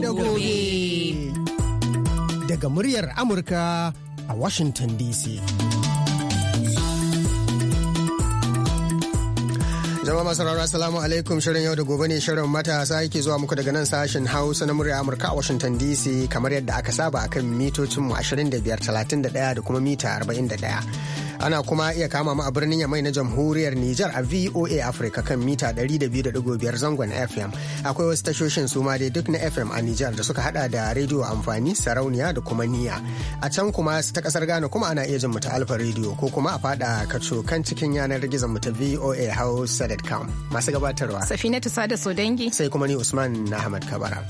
gobe. Daga muryar Amurka a Washington DC. Jama'a masu rarra salamu alaikum shirin yau da gobe ne shirin matasa yake zuwa muku daga nan sashen Hausa na murya Amurka a Washington DC kamar yadda aka saba akan mitocinmu 25, 31 da kuma mita 41. ana kuma iya kama mu a birnin yamai na jamhuriyar Nijar a VOA Africa kan mita 200.5 zangon FM akwai wasu tashoshin suma dai duk na FM a Nijar da suka hada da rediyo amfani sarauniya da kuma niya a can kuma ta kasar Ghana kuma ana iya jin mu ta Alfa rediyo, ko kuma a fada kaco kan cikin yanar gizon mu ta VOA Hausa.com masu gabatarwa Safinatu Sada Sodangi sai kuma ni Usman Ahmad Kabara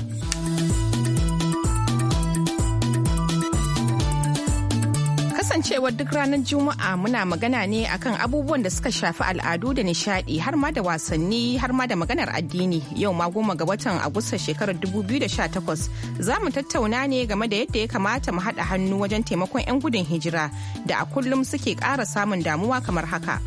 kasancewar duk ranar Juma'a muna magana ne akan abubuwan da suka shafi al'adu da nishadi har ma da wasanni har ma da maganar addini yau ma goma ga watan Agusta shekarar 2018 za mu tattauna ne game da yadda ya kamata mu haɗa hannu wajen taimakon 'yan gudun hijira da a kullum suke ƙara samun damuwa kamar haka.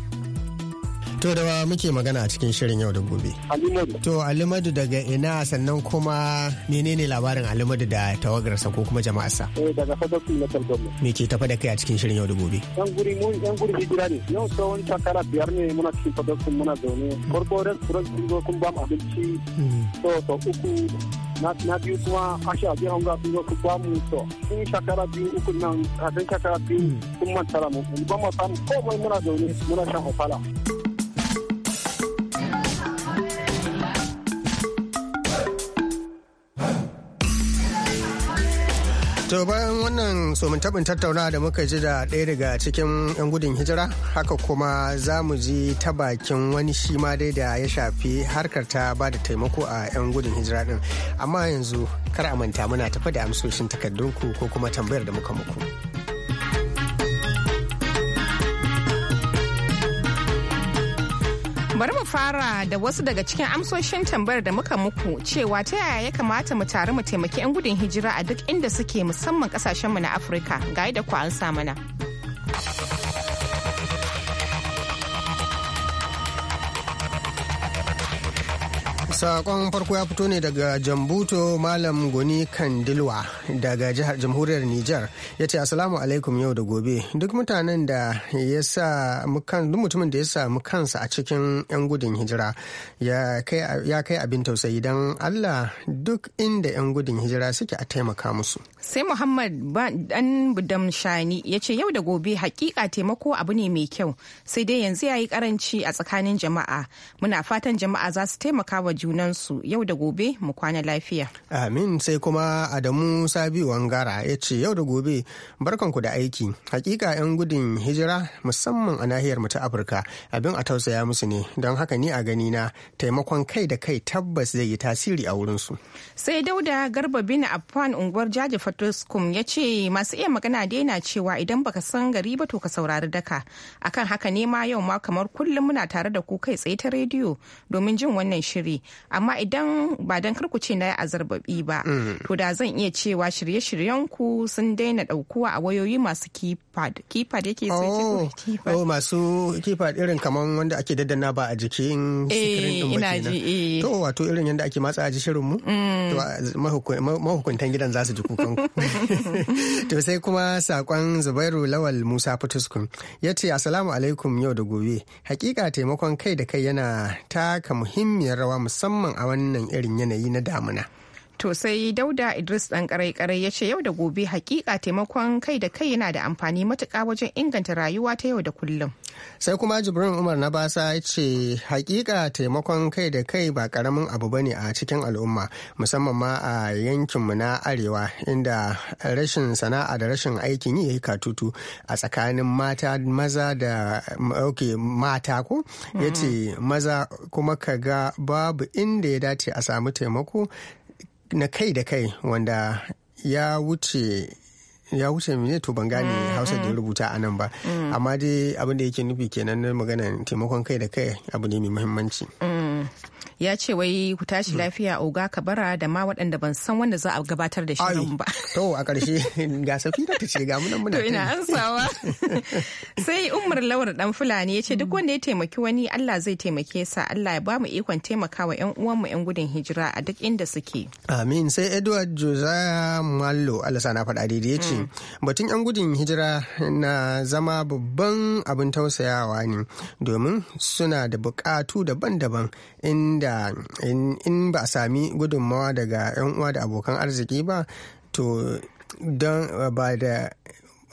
To da muke magana a cikin shirin yau da gobe. Alimadu. To Alimadu daga ina sannan kuma menene labarin Alimadu da tawagarsa ko kuma jama'arsa? Eh daga Fadakun na Targoma. Me ke tafa da kai a cikin shirin yau da gobe? Yan guri mu yan guri hijira ne. Yau tsawon takara biyar ne muna cikin Fadakun muna zaune. Farko restaurant sun zo kun ba mu abinci. Hmm. To to uku na biyu kuma ashe a biyan ga sun zo kun ba mu to sun shakara biyu uku nan kafin shakara biyu kun hmm. mantara mu ba mu samu komai muna zaune muna shan ofala. To bayan wannan somintabin tattauna da muka ji da ɗaya daga cikin 'yan gudun hijira haka kuma za mu ji ta bakin wani shi ma dai da ya shafi harkar ta ba da taimako a 'yan gudun hijira ɗin. Amma yanzu kar a manta muna tafa da amsoshin takardunku ko kuma tambayar da muka muku. fara da wasu daga cikin amsoshin tambayar da muka muku cewa ta yaya ya kamata mu taru mu taimaki 'yan gudun hijira a duk inda suke musamman kasashenmu na Afirka ga da ku an sa mana. Sakon farko ya fito ne daga Jambuto Malam Goni Kandilwa daga jihar Jamhuriyar Nijar ya ce Assalamu alaikum yau da gobe duk mutanen da ya sa duk mutumin da ya samu kansa a cikin 'yan gudun hijira ya kai abin tausayi don Allah duk inda 'yan gudun hijira suke a taimaka musu. Sai Muhammad Dan Budam Shani ya ce yau da gobe hakika taimako abu ne mai kyau sai dai yanzu ya yi karanci a tsakanin jama'a muna fatan jama'a za su taimaka wa juna junansu yau da gobe mu kwana lafiya. Amin sai kuma Adamu Sabi Wangara ya ce yau da gobe barkanku da aiki. Hakika 'yan gudun hijira musamman a nahiyar ta Afirka abin a tausaya musu ne don haka ni a gani na taimakon kai da kai tabbas zai yi tasiri a wurinsu. Sai Dauda Garba bin afan unguwar Jaji Fatoskum ya ce masu iya magana dai na cewa idan baka san gari ba to ka saurari daka. Akan haka ne ma yau ma kamar kullum muna tare da ku kai tsaye ta rediyo domin jin wannan shiri amma idan ba don karku ce na yi azarbabi ba mm. to da zan iya cewa shirye-shiryen ku sun daina daukuwa a wayoyi masu keypad keypad yake sai oh, keypad oh masu keypad irin kaman wanda ake daddana ba a jikin eh, screen din ba kenan eh. to wato irin yanda ake matsa a shirin mu mm. to mahukuntan gidan za su ji kukan to sai kuma sakon Zubairu Lawal Musa fituskun ya ce assalamu alaikum yau da gobe hakika taimakon kai da kai yana taka muhimmiyar rawa musamman musamman a wannan irin yanayi na damuna. To sai Dauda Idris ɗan karai-karai ya ce yau da gobe hakika taimakon kai da kai yana da amfani matuka wajen inganta rayuwa ta yau da kullum. Sai kuma Jibrin Umar na basa ya ce hakika taimakon kai da kai ba karamin abu ba ne a cikin al'umma musamman ma a yankinmu na arewa inda rashin sana'a da rashin aikin yi ya yi katutu a tsakanin mata maza da ok mata ko ya ce mm-hmm. maza kuma ka ga babu inda ya dace a samu taimako na kai da kai wanda ya wuce ya wuce mene to ban gane mm-hmm. hausa da rubuta a nan ba mm. amma dai abin da yake nufi kenan na maganan taimakon kai da kai abu ne mai muhimmanci mm. ya ce wai ku tashi hmm. lafiya oga bara da ma waɗanda ban san wanda za a gabatar da shi ba to a ƙarshe ga safi da ce ga munan muna to ina ansawa sai umar lawar dan fulani ya ce duk hmm. wanda ya taimaki wani Allah zai taimake sa Allah ya ba mu ikon taimakawa yan uwanmu ƴan gudun hijira a duk inda suke amin sai Edward Josiah Mallo Allah sana faɗa daidai ya ce hmm. batun ƴan gudun hijira na zama babban abin tausayawa ne domin suna da buƙatu daban-daban inda da in ba a sami gudunmawa daga 'yan uwa da abokan arziki ba to don eh, ba da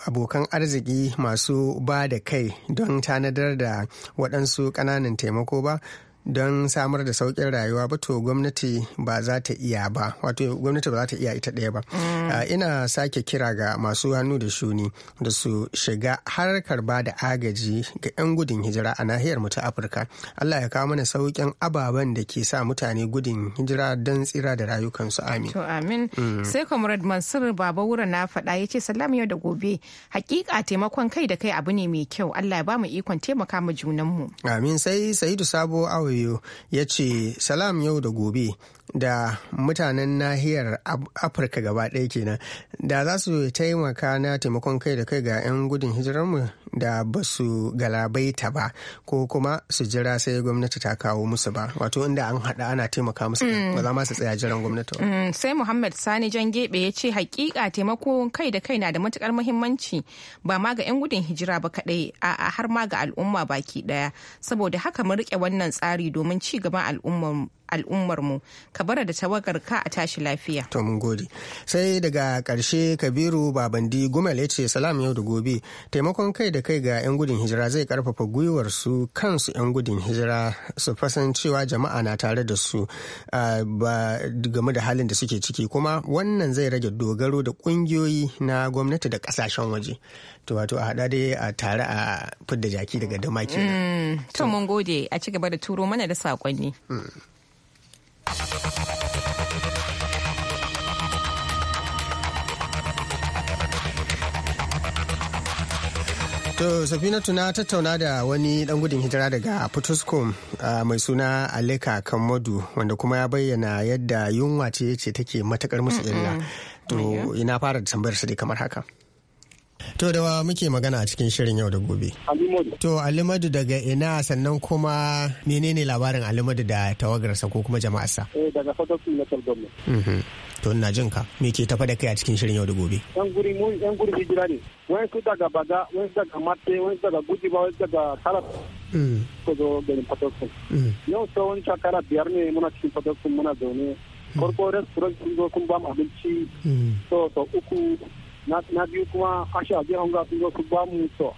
abokan arziki masu ba da kai don tanadar da waɗansu ƙananan taimako ba don samar da sauƙin rayuwa ba to gwamnati ba za ta iya ba wato gwamnati ba za ta iya ita ɗaya ba mm. ah, ina sake kira ga masu hannu da shuni da su shiga harkar ba da agaji ga 'yan gudun hijira a nahiyar mu afirka allah ya kawo mana sauƙin ababen da ke sa mutane gudun hijira don tsira da rayukansu amin to amin mm. sai comrade mansur baba wura na faɗa ya ce salam yau da gobe hakika taimakon kai da kai abu ne mai kyau allah ya ba mu ikon taimaka mu junanmu amin sai sayidu sabo awo Adebayo ya ce salam yau da gobe da mutanen nahiyar afirka gaba ɗaya kenan da za su taimaka na taimakon kai da kai ga 'yan gudun hijirarmu da ba su galabaita ba ko kuma su jira sai gwamnati ta kawo musu ba wato inda an hada ana taimaka musu mm. ba za su tsaya jiran gwamnati mm, sai muhammad sani jan gebe ya ce hakika taimako kai da kai na da matukar muhimmanci ba ma ga 'yan gudun hijira ba kaɗai a'a har ma ga al'umma baki ɗaya saboda haka mu rike wannan tsari domin ci gaban al'ummar al'ummarmu ka bara da tawagar ka a tashi lafiya. To mun gode. Sai daga ƙarshe Kabiru Babandi Gumal ya ce salam yau da gobe taimakon kai da kai ga 'yan gudun hijira zai karfafa gwiwar su kansu 'yan gudun hijira su fasancewa jama'a na tare da su ba game da halin da suke ciki kuma wannan zai rage dogaro da ƙungiyoyi na gwamnati da kasashen waje. To wato a haɗa dai a tare a fidda jaki daga damaki. Mm, to mun gode a ci gaba da turo mana da saƙonni. Mm. To Safinatu na tattauna da wani dan gudun hijira daga Potuskum mai suna Aleka Kammadu wanda kuma ya bayyana yadda yunwa ce ce take matakar musu illa. To ina fara da tambayar su dai kamar haka. To da wa muke magana a cikin shirin yau da gobe. Alimadu. To Alimadu daga ina sannan kuma menene labarin Alimadu da tawagarsa ko kuma jama'arsa? Eh daga Fadakun Local Government. Mm-hmm. To ina jin ka. Me ke tafa da kai a cikin shirin yau da gobe? Yan guri mu yan guri hijira ne. Wai su daga Baga, wani daga Mate, wani daga wai wani daga Tarab. Ko mm. zo garin Fadakun. Mm. Yau tsawon shekara biyar ne muna cikin Fadakun muna zaune. Mm. Farko restaurant sun zo kun ba mu abinci. So so uku na biyu kuma asha jihar hunga sun zo su ba mu to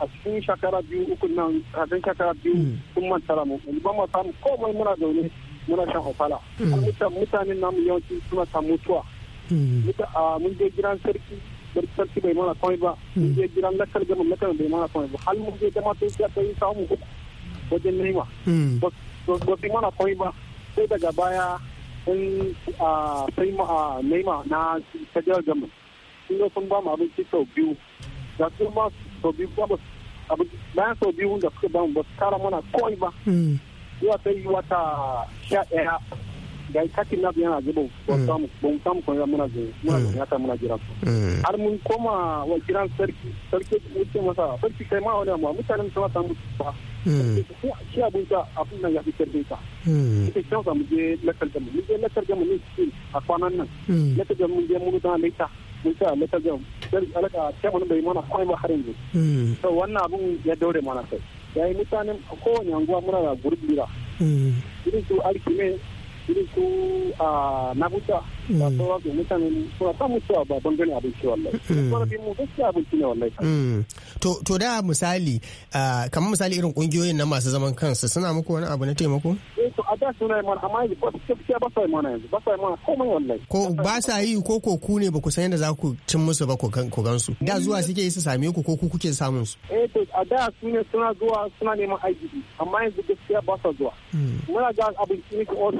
a cikin shakara biyu uku nan kafin shakara biyu hmm. sun mantara mu ba mu samu mai muna zaune muna shan hofala hmm. mutanen namu yawanci suna ta mutuwa hmm. mun je gidan sarki sarki bai mana kawai ba mun je gidan lakar gama lakar bai mana kawai ba hal mun je gama sun siya ta yi samu uku wajen nema ba su mana kawai ba sai daga baya sun sai nema na jihar government sun zo sun ba mu abinci sau biyu da su ma sau biyu ba mu bayan sau biyu da suka ba mu ba su kara mana kawai ba hmm. zuwa ta yi wata sha ɗaya da kakin nabi yana zuba ba mu hmm. samu ba mu samu kwanza muna zuwa muna zuwa hmm. ta muna jira su har mun koma wa jiran sarki sarki wuce masa sarki kai ma wani amma mutanen sama ta mutu ba shi abinta abin nan ya fi sarki ta ita kyau za mu je lakar da mu je lakar da mu ne a kwanan nan lakar da mu je mun da laita mun a mata ga alaka kebun bai mana kwai ba har yanzu to hmm. wannan abun ya daure mana sai yayi mutanen a kowane anguwa muna da gurbira hmm. irin su alkime irin su a ah, nabuta kasuwa mm. wato mutane suna ta mutuwa ba bangaren abinci wallahi korafin mm. mu gaskiya abinci ne wallahi mm. to to da misali ah, kamar misali irin ƙungiyoyin na masu zaman kansu suna muku wani abu na taimako eh to a da suna yi mana amma yanzu gaskiya ba sa yi mana yanzu ba sa yi mana komai wallahi ko ba sa yi ko ko ku ne ba ku san yadda za ku cin musu ba ku su. da zuwa suke yi su same ku ko ku kuke samun su eh to a da su ne suna zuwa suna neman aiki amma yanzu gaskiya ba sa zuwa muna ga abinci ne ko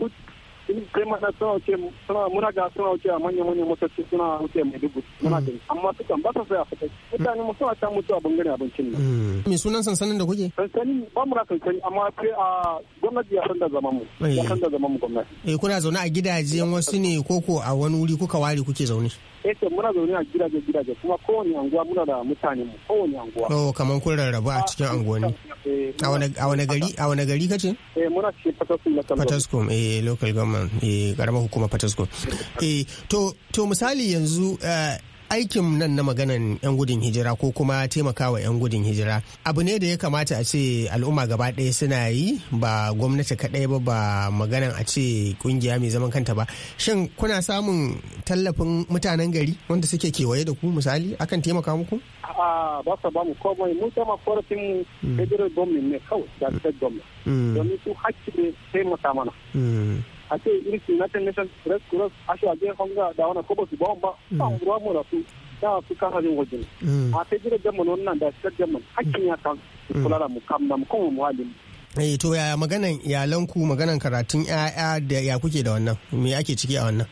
sun kai mana suna wuce suna muna ga suna wuce a manyan manyan motoci suna wuce mai dubu muna mm. gani amma dukan ba ta sai a fita mutane mu suna can mutuwa bangare abincin nan. Mm. me sunan sansanin da kuke. sansanin ba mu na sansani amma sai a gwamnati ya san da zaman mu eh. ya san da zaman mu gwamnati. eh kuna zaune a gidajen wasu ne ko ko a wani wuri kuka ware kuke zaune. yake eh, muna zaune a gidaje gidaje kuma kowane anguwa muna da mutane mu kowane anguwa oh kamar kun rarraba a cikin ah, anguwanni eh, a wani gari a wani gari kace eh muna cikin Fataskum local Fataskum eh local government eh karamar hukumar Fataskum eh to to misali yanzu eh, aikin nan na maganan 'yan gudun hijira ko kuma taimakawa 'yan gudun hijira abu ne da ya kamata a ce al'umma gaba ɗaya suna yi ba gwamnati kaɗai ba ba maganan a ce kungiya mai zaman kanta ba shin kuna samun tallafin mutanen gari wanda suke kewaye da ku misali akan taimaka muku a ba su ba mu komai mun sama korafin mm. federal government ne kawai da state government mm. domin su hakki ne taimaka mana mm. a ce irin united nations press cross a shi a biyan hanga da wani ko ba su ba ba ba mm. ruwa mu da su da su kasashen waje ne mm. a ta jira jaman wannan da shi jaman hakkin ya kan mm. kula da mu kam na mu mu muhalli eh to yaya maganan iyalanku maganan karatun yaya da ya kuke da wannan me ake ciki a wannan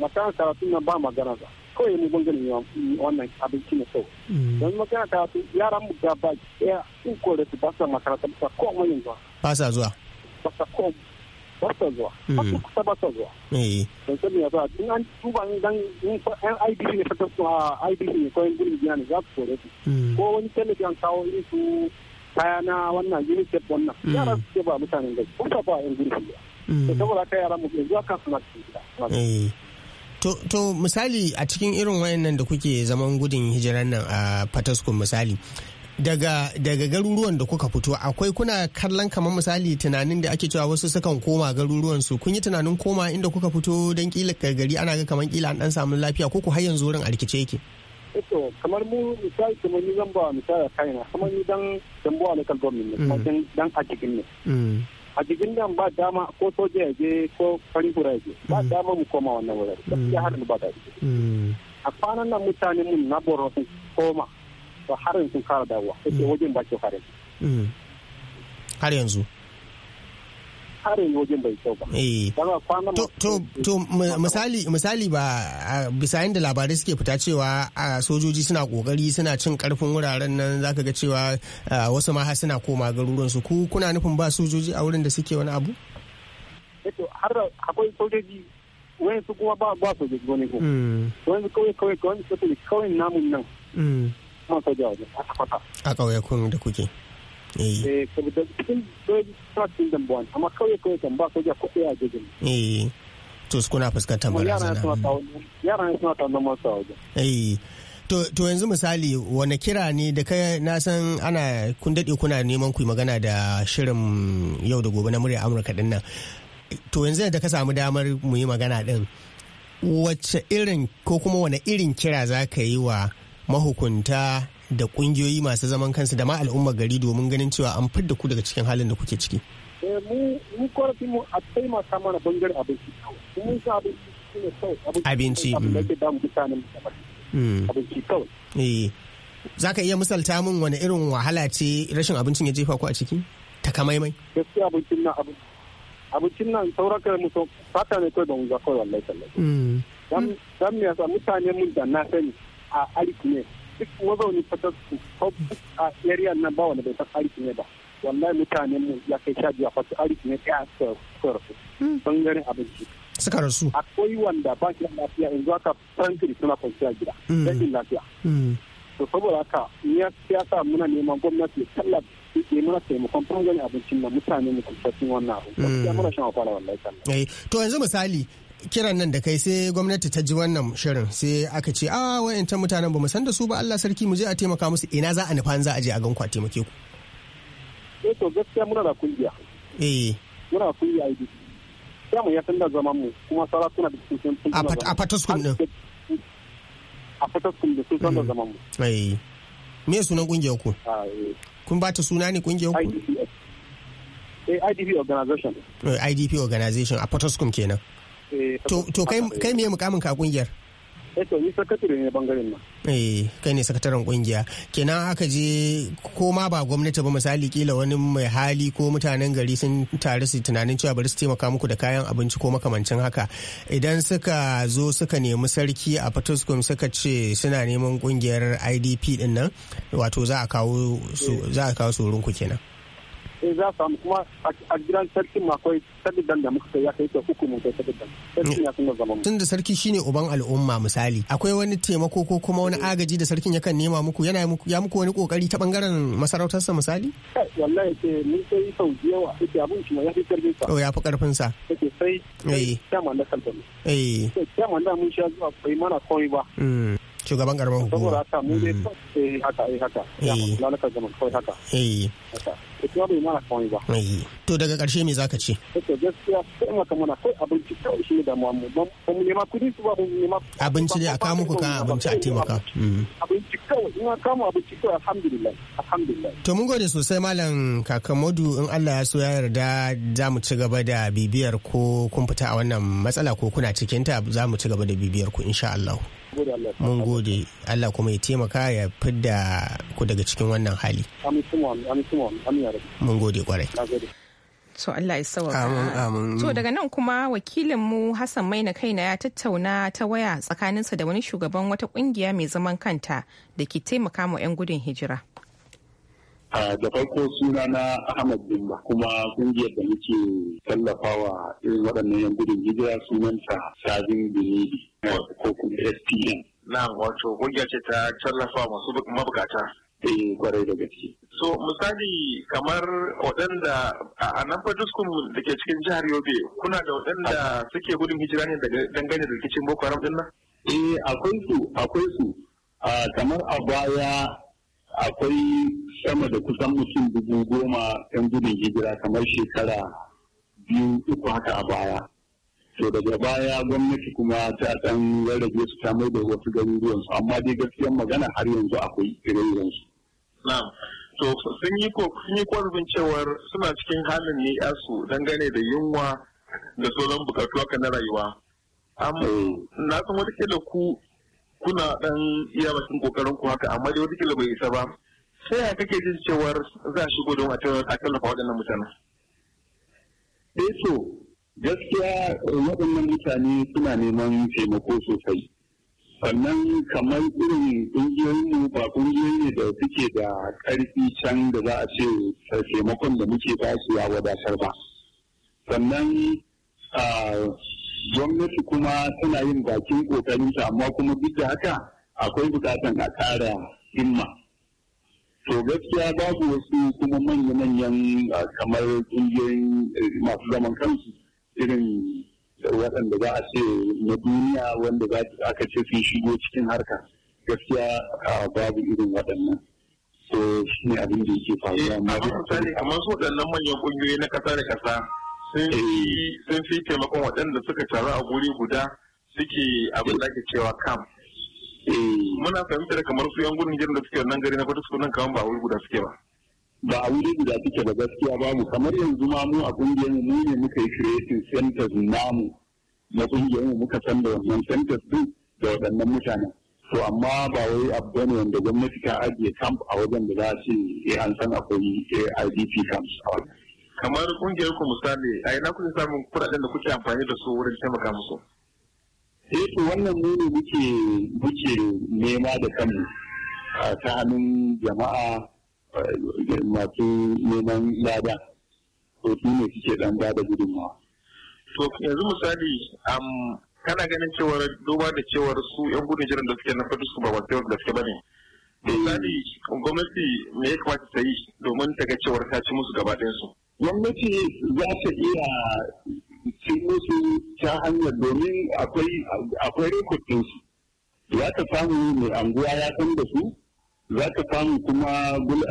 matan karatun nan ba magana ba kawai mu bangaren wannan abinci ne kawai don magana karatu yaran mu ga ba ɗaya sun kore su ba sa makaranta ba ko mai yanzu ba sa zuwa ba sa ko ba sa zuwa haka kusa ba sa zuwa don sani ya ba in an tuba in dan in an ne fata su a IDP ne ko yan gurin gina ne za su kore su ko wani tallafi an kawo irin su kaya na wannan UNICEF wannan yara su ce ba mutanen gari ko ta ba yan gurin gida to saboda ka yara mu yanzu haka suna cikin gida To, to misali a cikin irin wayannan da kuke zaman gudun hijiran nan a Fataskun misali daga daga garuruwan da kuka fito akwai kuna kallon kamar misali tunanin da ake cewa wasu sukan koma garuruwan su kun yi tunanin koma inda kuka fito don kila gari ana ga kamar kila an dan samu lafiya ko ku har yanzu wurin a rikice yake eh to kamar mu misali kamar ni zan ba misali kaina kamar ni dan dambuwa local government ne kuma dan cikin ne mm. a cikin nan ba dama ko soja ya je ko fari kura ya je ba mm. dama mu koma wannan wurin Ya mm. har ba da a kwanan nan mutane mun na boro koma to har yanzu fara dawowa Kake mm. wajen ba ke fara yanzu mm. har yanzu har yanzu wajen bai kyau ba eh. to to misali misali ba bisa da labarai suke fita cewa sojoji suna kokari suna cin karfin wuraren nan zaka ga cewa wasu ma har suna koma garuruwan su ku kuna nufin ba sojoji a wurin da suke wani abu eh, har akwai sojoji wani su kuma ba ba sojoji wani ko mm. wani kawai kawai kawai namun nan man soja waje a kwata kun da kuke eh, eh saboda cikin to yara ne suna tawon masu waje eh To, yanzu misali wani kira ne da kai na san ana kun daɗe kuna neman ku magana da shirin yau da gobe na murya Amurka ɗin nan. To yanzu da ka samu damar mu yi magana din Wacce irin ko kuma wani irin kira za ka yi wa mahukunta da kungiyoyi masu zaman kansu da ma al'ummar gari domin ganin cewa an fidda ku daga cikin halin da kuke ciki? Eh, mu korafin mu a taimaka mana bangare abinci mun sa abinci shine kawai abinci da mm. ke mutanen mm. abinci kawai eh, za ka iya misalta min wani irin wahala ce rashin abincin ya jefa ku a ciki ta mai gaskiya abincin nan abinci abincin nan saurakar so fata ne kawai ba mu za kawai wallahi mm. dan dan me yasa mutane mun da na sani a arik ne duk mazauni fatar su a area nan ba wanda bai san arik ne ba wallahi mutanen mu ya kai shaji a fatar arik ne suka rasu hmm. bangaren abinci suka rasu akwai wanda ba shi lafiya yanzu aka frankly suna kwanciya gida hmm. rashin lafiya hmm. to saboda haka ya siyasa muna neman gwamnati tallafi ke mana taimakon bangaren abincin na mutane mu kusurcin wannan abu. Ya muna shan wakwara wallahi kan. Eh, to yanzu misali kiran nan da kai sai gwamnati ta ji wannan shirin sai aka ce a ah, ta mutanen ba mu san da su ba Allah sarki mu je a taimaka musu ina za a nufa za a je a ganku a taimake ku eh to gaskiya muna da kungiya eh muna kungiya ID sai mu ya san da zaman mu kuma sarakuna da sun san a fataskun din a fataskun da sun san da mm. zaman mu eh me sunan kungiyar ku ah, eh. kun ba ta suna ne kungiyar ku IDP eh, organization eh, IDP organization a Potoskum kenan Eh, to kai me mukamin ka kungiyar? Eh, to ni sakatare ne bangaren nan. Eh kai ne sakataren kungiya. Kenan aka je ko ma ba gwamnati ba misali kila wani mai hali ko mutanen gari sun taru su tunanin cewa bari su taimaka muku da kayan abinci ko makamancin haka. Idan suka zo suka nemi sarki a Fatuskum suka ce suna neman kungiyar IDP din nan wato za a kawo su za a kawo su kenan. in za samu kuma a gidan sarkin ma akwai takardar da muka kai ya kai ta hukumu mun kai takardar sarkin ya kuma zama tunda sarki shine uban al'umma misali akwai wani taimako ko kuma wani agaji da sarkin yakan nema muku yana muku ya muku wani kokari ta bangaren masarautarsa misali eh, wallahi ke mun sai sau yawa yake abun shi ya fi karfin sa oh, ya fi karfin sa yake sai eh, eh chairman na sarkin eh chairman da mun sha zuwa bai mana komai ba hmm. shugaban karamar hukuma saboda haka mu dai ta mm. haka eh haka ya eh. lalaka zaman kawai haka eh ita bai eh. mana kawai ba to daga karshe me zaka ce to gaskiya sai maka mana kai abinci kawai shi da mu mu nema kudi su ba mu nema abinci ne a kawo muku kan abinci a taimaka mm. abinci kawai in an kama abinci kawai alhamdulillah alhamdulillah to mun gode sosai malam kakamodu in Allah ya so ya yarda za mu ci gaba da bibiyar ko kun fita a wannan matsala ko kuna cikin ta za mu ci gaba da bibiyar ku insha Allah mun gode Allah kuma ya taimaka ya fidda ku daga cikin wannan hali mun gode kwarai to Allah ya sauwaka to daga nan kuma wakilin mu Hassan Maina kaina ya tattauna ta waya tsakaninsa da wani shugaban wata kungiya mai zaman kanta da ke taimaka ma 'yan gudun hijira da farko suna na Ahmad Bimba kuma kungiyar da muke tallafawa irin waɗannan yan gudun hijira sunanta Sabin Benidi ko kuma SPN. Na wato kungiya ce ta tallafa masu mabukata. Eh kwarai da gaske. So misali kamar waɗanda a nan faduskun da ke cikin jihar Yobe kuna da waɗanda suke gudun hijira ne daga dangane da rikicin Boko Haram ɗin nan? Eh akwai su akwai su kamar a baya akwai sama da kusan mutum dubu goma yan gudun hijira kamar shekara biyu uku haka a baya to daga baya gwamnati kuma ta dan rarrabe su ta mai da wasu garuruwan su amma dai gaskiyar magana har yanzu akwai ire-iren su na'am to sun yi sun cewar suna cikin halin ne su dangane da yunwa da sauran bukatu haka na rayuwa eh. na san wata da ku kuna dan iya bakin kokarin ku haka amma dai wata bai isa ba sai ya kake jin cewa za a shigo don a tallafa waɗannan mutanen. Dai eh so gaskiya eh, waɗannan mutane suna neman taimako sosai. Sannan kamar irin ƙungiyoyinmu ba ƙungiyoyi ne da suke da ƙarfi can da za a ce taimakon da muke ba su ya wadatar ba. Sannan ah, gwamnati kuma suna yin bakin su amma kuma duk da haka akwai bukatan a ƙara himma to gaskiya babu wasu kuma manya-manyan ah, kamar ƙungiyoyin eh, masu zaman kansu irin waɗanda za a ce na duniya wanda za aka ce sun shigo cikin harka gaskiya ah, babu irin waɗannan so shi ne abin da yake faruwa eh, amma su waɗannan manyan ƙungiyoyi na ƙasa da ƙasa Eh. sun fi taimakon waɗanda suka taru a guri guda suke abin da ake cewa kam eh. muna fahimtar kamar su yan gudun girin da suke nan gari na kwata nan kaman ba a wuri guda suke ba ba a wuri guda suke ba gaskiya ba mu kamar yanzu ma mu a kungiyar mu ne muka yi creating centers namu na kungiyar mu muka san da wannan centers din da waɗannan mutanen to amma ba wai abu bane wanda gwamnati ta ajiye camp a wajen da za su yi eh an san akwai aidp camps a wajen kamar kungiyar ku misali a ina kuke samun kuɗaɗen da kuke amfani da su wurin taimaka musu eh to wannan mu ne muke muke nema da kanmu ta hannun jama'a masu neman lada to su ne suke dan da gudunmawa to yanzu misali kana ganin cewar duba da cewar su yan gudun jiran da suke na fadu su ba wasu da suke bane misali gwamnati me ya kamata ta yi domin ta ga cewar ta ci musu gaba su. gwamnati za ta iya ci musu ta hanyar domin akwai rikodin su za ta samu mai anguwa ya san da su za ta samu kuma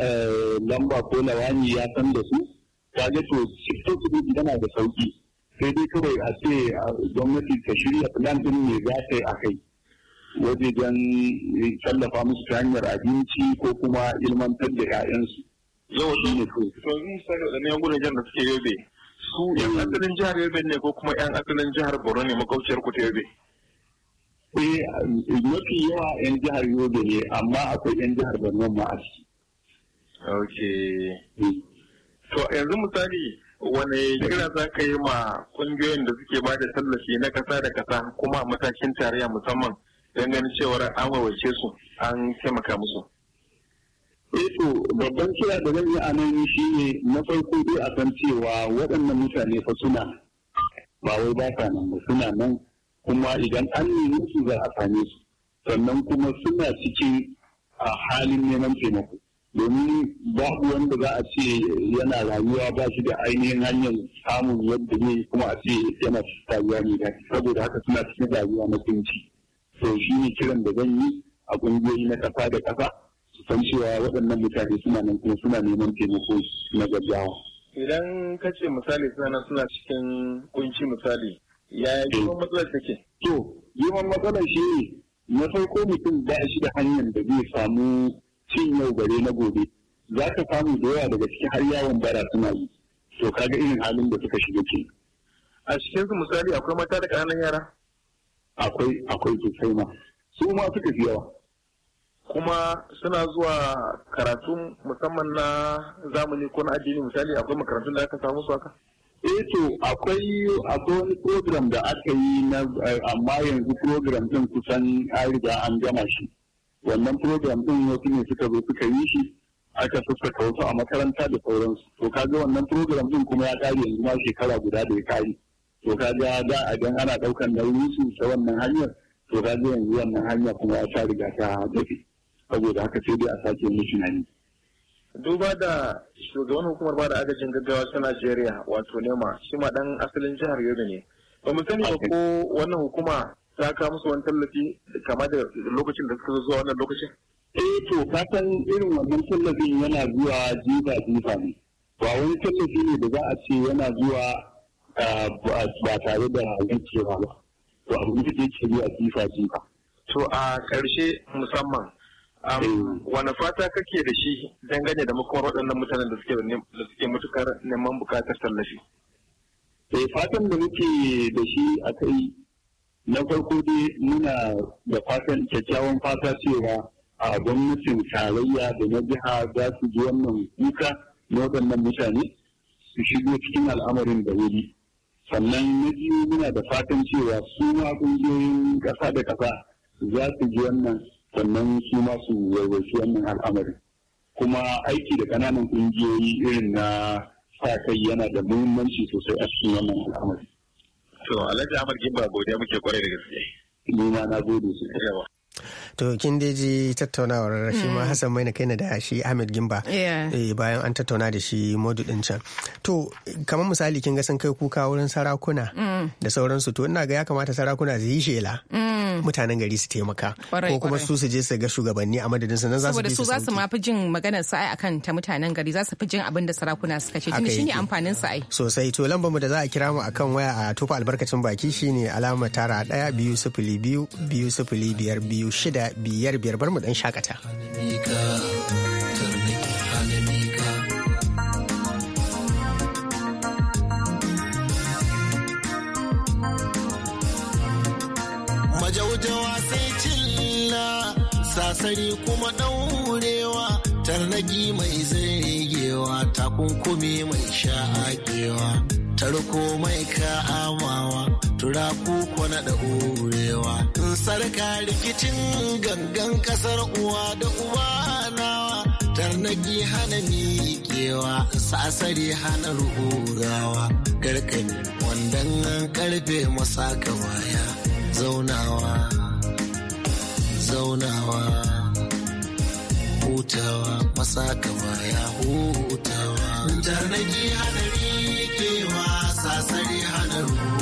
eh, lamba ko lawani ya san da su ta ga to cikin su yana da sauki sai dai kawai a ce gwamnati ta shirya plan din ne za ta yi a kai wajen tallafa musu ta hanyar abinci ko kuma ilmantar da 'ya'yansu. Yau shi ne to. To ni sai da ne gudajen da suke yobe. Su 'yan eh. asalin jihar yobe ne ko kuma 'yan asalin jihar Borno ne makauciyar ku ta yobe. Eh mafi yawa 'yan jihar yobe ne amma akwai 'yan jihar Borno ma a ciki. Ok. Eh. To yanzu misali wane kira za ka yi ma kungiyoyin da suke ba da tallafi na kasa da kasa kuma matakin tarayya musamman don ganin cewar an wawace su an taimaka musu. Eto eh babban kira da zan yi a nan shi ne na farko dai a san cewa waɗannan mutane fa suna ba wai ba ka nan ba suna nan kuma idan an nemi su za a same su sannan kuma suna cikin a halin neman taimako domin babu wanda za a ce yana rayuwa ba shi da ainihin hanyar samun yadda ne kuma a ce yana rayuwa ne da saboda haka suna cikin rayuwa na kunci. Sai shi ne kiran da zan yi a ƙungiyoyi na ƙasa da ƙasa su san cewa waɗannan mutane suna nan kuma suna neman taimako na gaggawa. idan ka ce misali suna nan suna cikin ƙunci misali ya girman matsalar take. to girman matsalar shi ne na farko mutum ba shi da hanyar da zai samu cin yau gare na gobe za ka samu da yawa daga cikin har yawon bara suna yi to kaga irin halin da suka shiga ke. a cikin su misali akwai mata da ƙananan yara. akwai akwai sosai ma su ma suka fi yawa kuma suna zuwa karatu musamman na zamani ko na addini misali akwai makarantun da aka samu su haka eh to akwai akwai wani program da aka yi na amma yanzu program din kusan an riga an gama shi wannan program din wasu ne suka zo suka yi shi aka sassaka wasu a makaranta da sauransu to kaga wannan program din kuma ya kare yanzu ma shekara guda da ya kare to ka ga da idan ana ɗaukan nauyin su ta wannan hanyar to ka ga yanzu wannan hanya kuma ta riga ta dafe saboda haka sai dai a sake mu tunani duba da shugaban hukumar ba da agajin gaggawa ta Najeriya wato nema shi ma dan asalin jihar Yobe ne ba mu sani ba ko wannan hukuma ta kawo musu wani tallafi kama da lokacin da suka zo zuwa wannan lokacin eh to san irin wannan tallafin yana zuwa jifa jifa ne ba wani tallafi ne da za a ce yana zuwa ba tare da yankewa ba to abu da yake a fifa jifa to a ƙarshe musamman um, eh. wani fata kake da shi dangane da makon waɗannan mutanen da suke matukar neman bukatar tallafi eh fatan da muke da shi a kai na farko dai muna da fatan kyakkyawan fata cewa a gwamnatin tarayya da na jiha za su ji wannan kuka na waɗannan mutane su shigo cikin al'amarin da wuri sannan na biyu muna da fatan cewa su ma ƙungiyoyin ƙasa da ƙasa za su ji wannan sannan su ma su wannan al'amari kuma aiki da ƙananan ƙungiyoyi irin na sa kai yana da muhimmanci sosai a cikin wannan al'amari. To Alhaji Ahmad Gimba godiya muke kwarai da gaske. Ni ma na gode su. to kin dai ji tattaunawar shi ma hmm. Hassan Maina kaina da shi Ahmed Gimba eh, bayan an tattauna da shi modu din can to kamar misali kin ga sun kai kuka wurin sarakuna hmm. da sauransu to ina ga ya kamata sarakuna su yi shela hmm. mutanen gari su taimaka ko kuma su su je su ga shugabanni a madadin su nan za su su za su ma fi jin maganar sa ai akan ta mutanen gari za su fi jin abin da sarakuna suka ce tunda shine amfanin su ai sosai to lambar mu da za a kira mu akan waya a tofa albarkacin baki shine alama tara 1 biyu sifili biyu biyu sifili biyar biyu shida biyar biyar bar mu dan shakata. Majaujawa sai cilla sasari kuma ɗaurewa tarnaki mai zaregewa takunkumi mai sha'akewa tarko mai ka'amawa turaku kwana da urewa sarka rikicin gangan kasar uwa da uba nawa tarnaki hana miƙewa sasari hana rugawa karkami wandan karfe masaka baya zaunawa zaunawa hutawa masaka baya hutawa tarnaki hana miƙewa sasari hana rugawa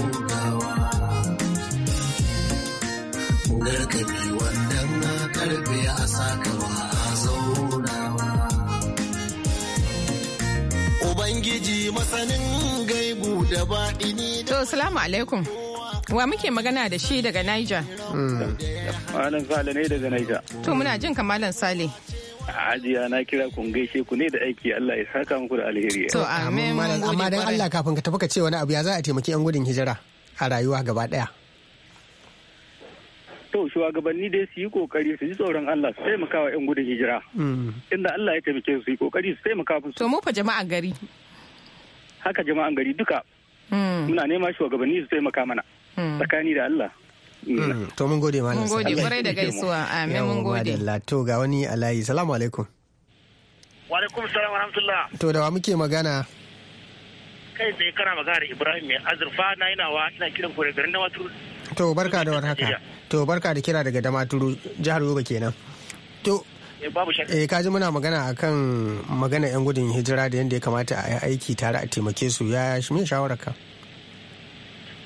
gargami wannan na karbe a sakama a zaunawa. Ubangiji masanin gaibu da ne da... To, salamu alaikum. Wa muke magana da shi daga Niger? Malam Sale ne daga Niger. To, muna jin kamalan Sale. Ajiya na kira kun gaishe ku ne da aiki Allah ya saka muku da alheri. To amin. Amma dan Allah kafin ka tafi ka ce wani abu ya za a taimaki 'yan gudun hijira a rayuwa gaba daya. to shugabanni dai su yi kokari su ji tsoron Allah su taimaka wa 'yan gudun hijira mm. inda Allah ya taimake su yi kokari su taimaka musu to mu fa jama'an gari haka jama'an gari duka mm. muna nema shugabanni su taimaka mana mm. tsakani da Allah to mun gode malam mun gode kwarai da gaisuwa amin mun gode to ga wani alayi salamu alaikum wa alaikum salam wa rahmatullah to da wa muke magana kai tsaye kana magana da Ibrahim mai azurfa na yana wa ina kiran ku da garin Damaturu to barka da warhaka to barka da kira daga damaturu jihar yobe kenan to eh, eh ji muna magana akan magana yan gudun hijira da yadda ya kamata a yi aiki tare a taimake su ya shi min shawararka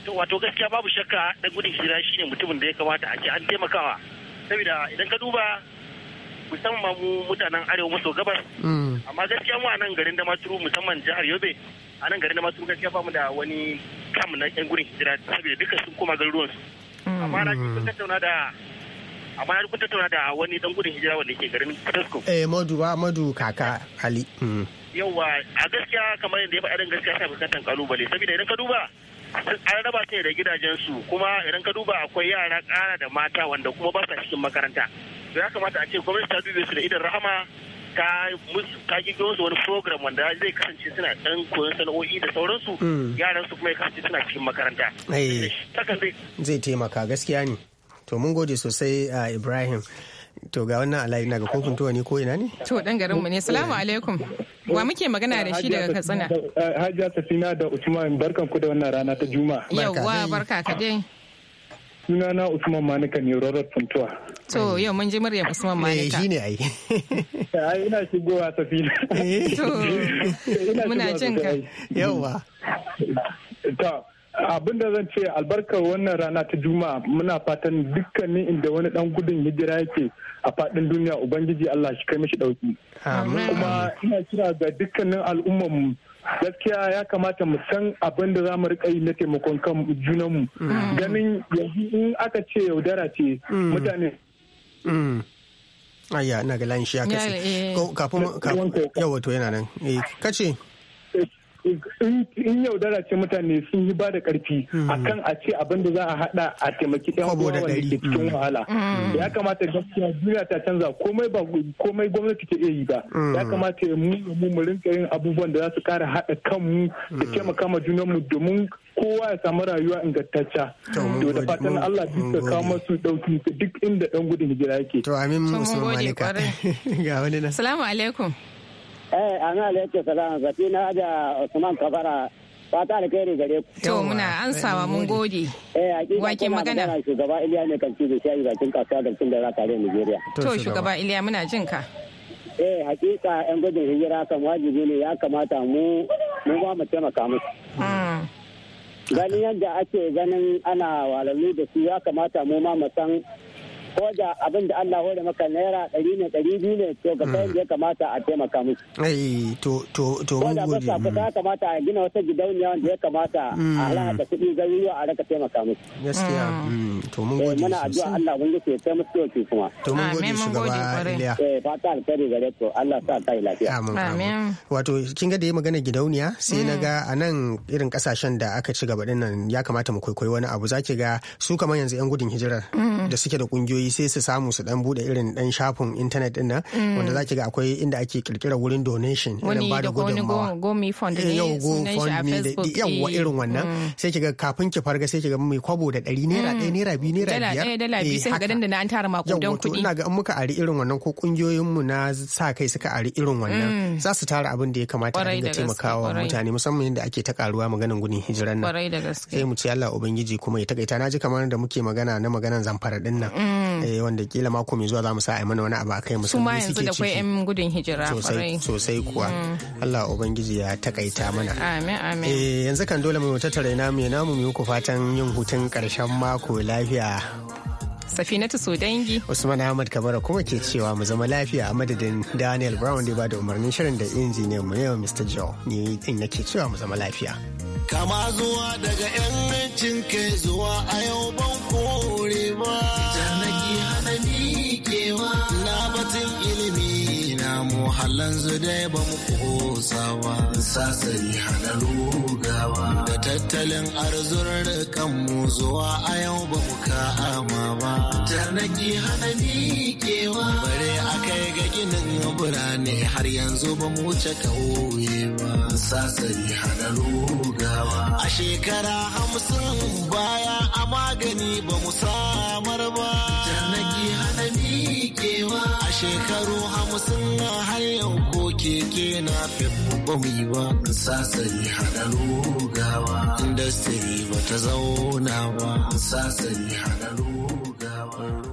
to wato gaskiya babu shakka dan gudun hijira shine mutumin da ya kamata a ce an taimakawa saboda idan ka duba musamman mu mutanen arewa maso gabas mm. amma gaskiya mu a nan garin damaturu musamman jihar yobe a nan gari na masu gaskiya ba mu da wani kam na yan gurin hijira saboda duka sun koma garuruwan su mm. amma na kun tattauna da amma na kun tattauna da wani dan gudun hijira wanda ke garin Kudasko eh Madu ba Madu kaka Ali mm. yawa a gaskiya kamar yadda ya faɗa din gaskiya sai bukatan kalubale saboda idan ka duba an raba ta da gidajensu kuma idan ka duba akwai yara ƙara da mata wanda kuma ba sa cikin makaranta to ya kamata a ce gwamnati ta dube su da idan rahama ka ka gido musu wani program wanda zai kasance suna dan koyon sana'o'i da sauransu mm. yaran su kuma ya kasance suna cikin makaranta eh. zai taimaka gaskiya ne to mun gode sosai Ibrahim to ga wannan alayi na ga kofin tuwa ne ko ina ne to dan garin mu ne salamu eh. alaikum wa muke magana da shi daga katsina hajiya safina da usman barkan ku da wannan rana ta juma'a yawa barka ka dai sunana Usman Manika ne Rorot Funtuwa. To yau mun ji muryar Usman eh, Manika. Eh ne ai. Eh, ai ina shigowa safina. Eh. To muna jin ka. Yawwa. To abin da zan ce albarkar wannan rana ta juma'a muna fatan dukkanin inda wani dan gudun hijira yake a fadin duniya ubangiji Allah shi kai mishi dauki kuma ina kira ga dukkanin al'ummar gaskiya ya kamata mu san abin da za mu rika yi na taimakon kan junanmu mm. ganin yanzu in aka ce yaudara ce mm. mutane mm. Aya, ina ga lanshi shi ya kace. Eh. Kafin yawa to yana nan. Eh, kace. in yaudara ce mutane sun yi ba da karfi hmm. kan a ce abin da za a hada a taimaki yan uwa wanda ke cikin hmm. wahala hmm. ya kamata gaskiya duniya ta canza komai ba komai gwamnati ke iya yi ba ya kamata mu mu mu rinka yin abubuwan da za su kara haɗa kanmu da taimaka ma mu domin kowa ya samu rayuwa ingantacca to da fatan Allah duka kawo masu dauki duk inda dan gudun hijira yake to amin musu malika ga wani na assalamu alaikum Eh, ana salama zafi na da Usman Kabara. ta alkhairi gare ku. To muna ansawa mun gode. Eh, hakika wake magana. Shugaba Iliya ne kan cizo shayi bakin kasuwa da cin da za tare Nigeria. To shugaba Iliya muna jin ka. Eh, hakika yan gudun hijira kan wajibi ne ya kamata mu mu ba mu taimaka musu. Mm. Ganin yadda ake ganin ana walalu da su ya kamata mu ma mu san ko da abin da Allah hore maka naira ɗari ne ɗari biyu ne to ga kayan da mm. ya kamata a taimaka musu. Eh to to to mun gode. Ko da sa mm. ta kamata a gina wata gidauniya wanda ya kamata a mm. halaka kuɗi garuruwa a raka taimaka musu. Gaskiya to mun eh, gode Mana addu'a Allah mun gode sosai musu yau kuma. To mun gode shugaba Iliya. Eh fata alkhairi gare ku Allah sa kai lafiya. Amin. Wato kin ga da yi magana gidauniya sai na ga a nan irin kasashen da aka ci gaba din nan ya kamata mu kwaikwayi wani abu zaki ga su kamar yanzu 'yan gudun hijira da suke da kungiyoyi sai su samu su dan bude irin dan shafin intanet din nan mm. wanda zaki ga akwai inda ake kirkira wurin donation irin ba da gudunmawa gomi fund ne eh, yau go fund facebook. da yawa eh. irin wannan mm. sai kiga kafin ki farga sai kiga mai kwabo da 100 naira 1 mm. naira 2 naira 5 dala 2 eh, sai ga dan da an tara makudan kuɗi ina ga in muka ari irin wannan ko kungiyoyin mu na sa kai suka ari irin wannan za su tara abin da ya kamata a dinga taimakawa mutane musamman yadda ake ta karuwa maganin gudun hijiran nan sai mu ci Allah ubangiji kuma ya takaita naji kamar da muke magana na maganan zamfara din nan Mm. eh wanda kila mako mai zuwa za mu sa a mana wani abu akai musulmi suke ciki su ma yanzu da kwai yan gudun hijira sosai sosai kuwa mm. Allah ubangiji ya takaita mana amin amin eh yanzu kan dole mu tattare namu ya namu mu ku fatan yin hutun karshen mako lafiya Safinatu Sodangi. Usman Ahmad Kabara kuma ke cewa mu zama lafiya a madadin Daniel Brown da ba da umarnin shirin da injiniyan mu yau Mr. Joe ne din nake cewa mu zama lafiya. Kama zuwa daga 'yan kai zuwa a yau ban kore ba. yanzu dai ba mu kosa ba sasari hana gawa da tattalin kan mu zuwa a yau ba mu ka'ama ba tarnaki hana kewa. bare a kai ga ginin birane har yanzu ba mu wuce kauye ba sasari hana gawa a shekara hamsin baya a magani ba mu samar ba tarnaki shekaru hamsin na har yau ko keke na ba mu yi ba sasari hada rugawa industry ba ta zauna ba sasari hada rugawa